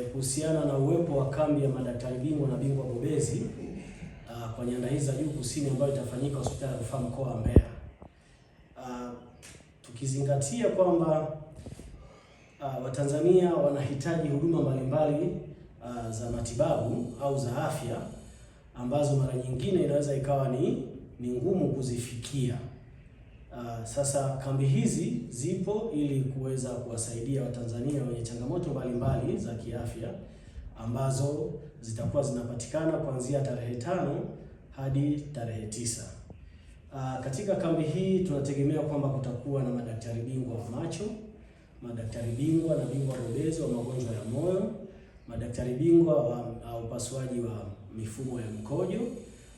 kuhusiana na uwepo wa kambi ya madaktari bingwa na bingwa bobezi uh, kwa nyanda hizi za juu kusini ambayo itafanyika hospitali ya rufaa mkoa wa Mbeya uh, tukizingatia kwamba uh, Watanzania wanahitaji huduma mbalimbali uh, za matibabu au za afya ambazo mara nyingine inaweza ikawa ni ni ngumu kuzifikia. Uh, sasa kambi hizi zipo ili kuweza kuwasaidia Watanzania wenye changamoto mbalimbali za kiafya ambazo zitakuwa zinapatikana kuanzia tarehe tano hadi tarehe tisa. Uh, katika kambi hii tunategemea kwamba kutakuwa na madaktari bingwa wa macho, madaktari bingwa na bingwa bobezi wa magonjwa ya moyo, madaktari bingwa wa upasuaji wa mifumo ya mkojo,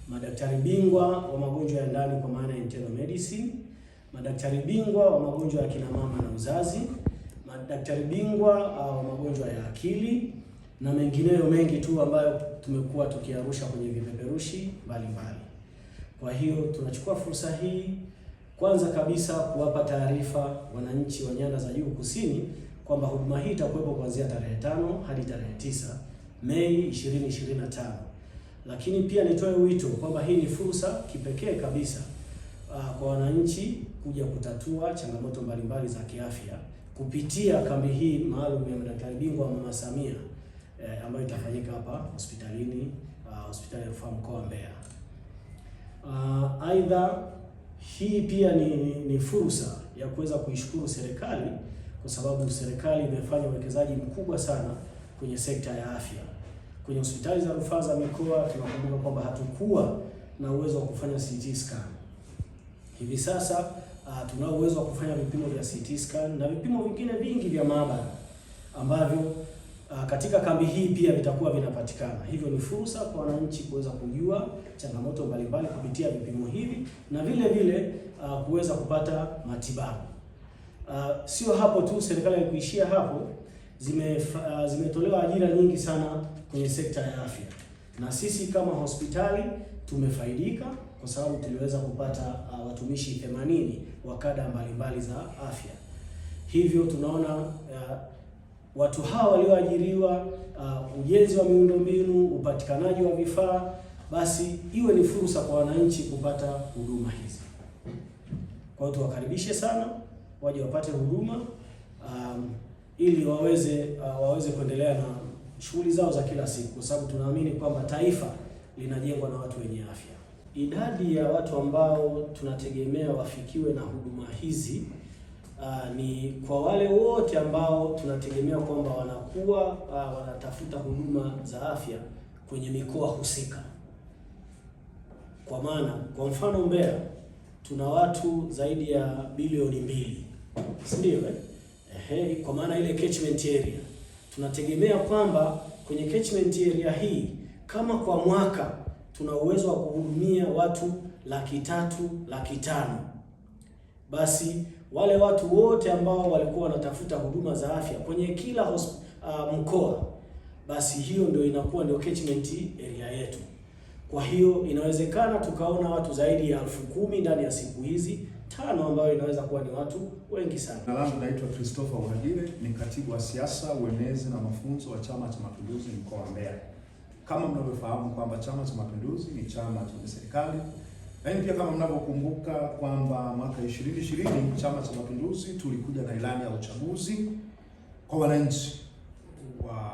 madaktari bingwa wa magonjwa ya ndani kwa maana ya internal medicine madaktari bingwa wa magonjwa ya kina mama na uzazi, madaktari bingwa ah, wa magonjwa ya akili na mengineyo mengi tu ambayo tumekuwa tukiarusha kwenye vipeperushi mbalimbali. Kwa hiyo tunachukua fursa hii kwanza kabisa kuwapa taarifa wananchi wa nyanda za juu kusini kwamba huduma hii itakuwepo kuanzia tarehe tano hadi tarehe tisa Mei 2025. Lakini pia nitoe wito kwamba hii ni fursa kipekee kabisa uh, kwa wananchi kuja kutatua changamoto mbalimbali za kiafya kupitia kambi hii maalum ya madaktari bingwa mama Samia eh, ambayo itafanyika hapa hospitalini uh, hospitali ya rufaa mkoa wa Mbeya. Uh, aidha hii pia ni, ni, ni fursa ya kuweza kuishukuru serikali kwa sababu serikali imefanya uwekezaji mkubwa sana kwenye sekta ya afya. Kwenye hospitali za rufaa za mikoa tunakumbuka kwamba hatukuwa na uwezo wa kufanya CT scan. Hivi sasa uh, tunao uwezo wa kufanya vipimo vya CT scan na vipimo vingine vingi vya maabara ambavyo uh, katika kambi hii pia vitakuwa vinapatikana. Hivyo ni fursa kwa wananchi kuweza kujua changamoto mbalimbali kupitia vipimo hivi na vile vile uh, kuweza kupata matibabu. Uh, sio hapo tu, serikali haikuishia hapo, zime uh, zimetolewa ajira nyingi sana kwenye sekta ya afya na sisi kama hospitali tumefaidika kwa sababu tuliweza kupata uh, watumishi 80 wa kada mbalimbali za afya. Hivyo tunaona uh, watu hawa walioajiriwa, uh, ujenzi wa miundombinu, upatikanaji wa vifaa, basi iwe ni fursa kwa wananchi kupata huduma hizi. Kwa hiyo tuwakaribishe sana waje wapate huduma um, ili waweze uh, waweze kuendelea na shughuli zao za kila siku, kwa sababu tunaamini kwamba taifa linajengwa na watu wenye afya idadi ya watu ambao tunategemea wafikiwe na huduma hizi uh, ni kwa wale wote ambao tunategemea kwamba wanakuwa uh, wanatafuta huduma za afya kwenye mikoa husika. Kwa maana kwa mfano Mbeya tuna watu zaidi ya bilioni mbili, si ndio? Eh? Ehe, kwa maana ile catchment area tunategemea kwamba kwenye catchment area hii kama kwa mwaka tuna uwezo wa kuhudumia watu laki tatu laki tano. Basi wale watu wote ambao walikuwa wanatafuta huduma za afya kwenye kila uh, mkoa, basi hiyo ndio inakuwa ndio catchment area yetu. Kwa hiyo inawezekana tukaona watu zaidi ya elfu kumi ndani ya siku hizi tano, ambayo inaweza kuwa ni watu wengi sana. Jina langu naitwa Christopher Uhagile, ni katibu wa siasa, uenezi na mafunzo wa Chama cha Mapinduzi mkoa wa Mbeya. Kama mnavyofahamu kwamba Chama cha Mapinduzi ni chama chenye serikali, lakini pia kama mnavyokumbuka kwamba mwaka 2020 Chama cha Mapinduzi tulikuja na ilani ya uchaguzi kwa wananchi wa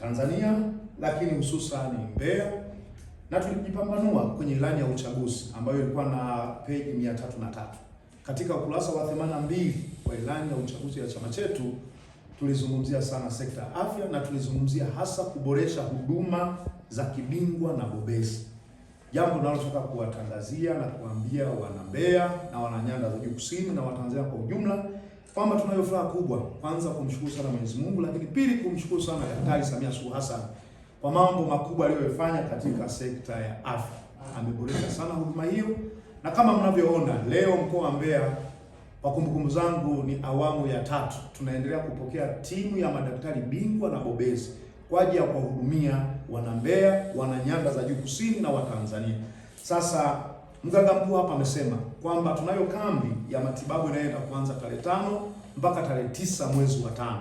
Tanzania, lakini hususani Mbeya, na tulijipambanua kwenye ilani ya uchaguzi ambayo ilikuwa na peji 303 katika ukurasa wa 82 wa ilani ya uchaguzi ya chama chetu tulizungumzia sana sekta ya afya na tulizungumzia hasa kuboresha huduma za kibingwa na bobezi, jambo linalotaka kuwatangazia na kuambia wana Mbeya na wana Nyanda za Juu Kusini na Watanzania kwa ujumla kwamba tunayo furaha kubwa, kwanza kumshukuru sana Mwenyezi Mungu, lakini pili kumshukuru sana Daktari Samia Suluhu Hassan kwa mambo makubwa aliyofanya katika sekta ya afya. Ameboresha sana huduma hiyo, na kama mnavyoona leo mkoa wa Mbeya kwa kumbukumbu zangu ni awamu ya tatu, tunaendelea kupokea timu ya madaktari bingwa na bobezi kwa ajili ya kuwahudumia wana Mbeya, wana nyanda za juu kusini na Watanzania. Sasa mganga mkuu hapa amesema kwamba tunayo kambi ya matibabu inayoenda kuanza tarehe tano mpaka tarehe tisa mwezi wa tano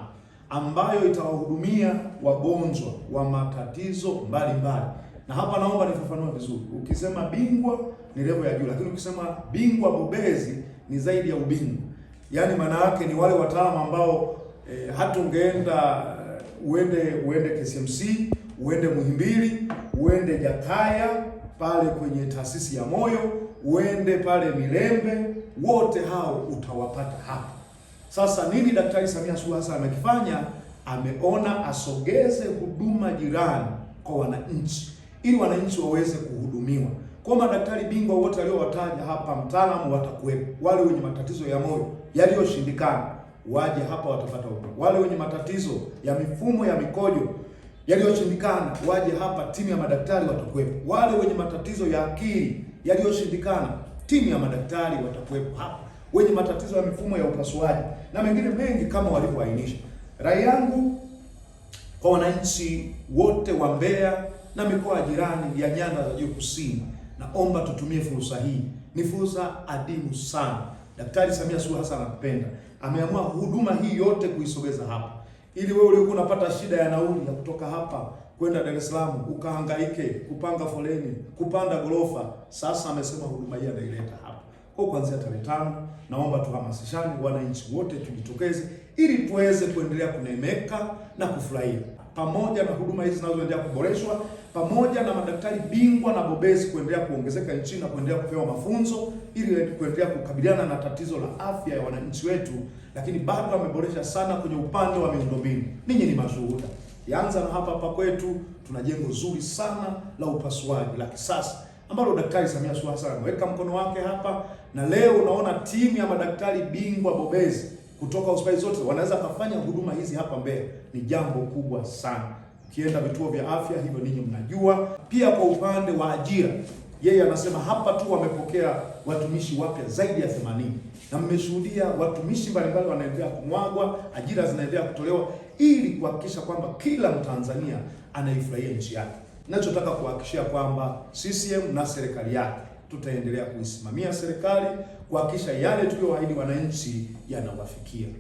ambayo itawahudumia wagonjwa wa matatizo mbalimbali mbali. Na hapa naomba nifafanue vizuri. Ukisema bingwa ni level ya juu, lakini ukisema bingwa bobezi ni zaidi ya ubingwa. Yaani maana yake ni wale wataalamu ambao e, eh, hata ungeenda eh, uende uende KCMC, uende Muhimbili, uende Jakaya pale kwenye taasisi ya moyo, uende pale mirembe wote hao utawapata hapa. Sasa nini Daktari Samia Suluhu Hassan amekifanya? Ameona asogeze huduma jirani kwa wananchi ili wananchi waweze kuhudumiwa. Kwa madaktari bingwa wote waliowataja hapa, mtaalamu watakuwepo. Wale wenye matatizo ya moyo yaliyoshindikana waje hapa, watapata huduma. Wale wenye matatizo ya mifumo ya mikojo yaliyoshindikana waje hapa, timu ya madaktari watakuwepo. Wale wenye matatizo ya akili yaliyoshindikana, timu ya madaktari watakuwepo hapa, wenye matatizo ya mifumo ya upasuaji na mengine mengi kama walivyoainisha. Rai yangu kwa wananchi wote wa Mbeya na mikoa jirani ya nyanda za juu kusini. Naomba tutumie fursa hii, ni fursa adimu sana. Daktari Samia Suluhu Hassan anampenda, ameamua huduma hii yote kuisogeza hapa, ili wewe uliokuwa unapata shida ya nauli ya kutoka hapa kwenda Dar es Salaam ukahangaike kupanga foleni kupanda gorofa, sasa amesema huduma hii anaileta hapa kwa kuanzia tarehe tano. Naomba tuhamasishane, wananchi wote tujitokeze, ili tuweze kuendelea kunemeka na kufurahia pamoja na huduma hizi zinazoendelea kuboreshwa, pamoja na madaktari bingwa na bobezi kuendelea kuongezeka nchini na kuendelea kupewa mafunzo ili kuendelea kukabiliana na tatizo la afya ya wananchi wetu, lakini bado wameboresha sana kwenye upande wa miundombinu. Ninyi ni mashuhuda. Yaanza na hapa hapa kwetu, tuna jengo zuri sana la upasuaji la kisasa ambalo Daktari Samia Suluhu Hassan ameweka mkono wake hapa, na leo unaona timu ya madaktari bingwa bobezi kutoka hospitali zote wanaweza kufanya huduma hizi hapa Mbeya, ni jambo kubwa sana. Ukienda vituo vya afya hivyo, ninyi mnajua. Pia kwa upande wa ajira, yeye anasema hapa tu wamepokea watumishi wapya zaidi ya 80 na mmeshuhudia watumishi mbalimbali wanaendelea kumwagwa, ajira zinaendelea kutolewa ili kuhakikisha kwamba kila Mtanzania anaifurahia nchi yake. Ninachotaka kuhakikishia kwamba CCM na serikali yake tutaendelea kuisimamia serikali kuhakikisha yale tuliyoahidi wananchi yanawafikia.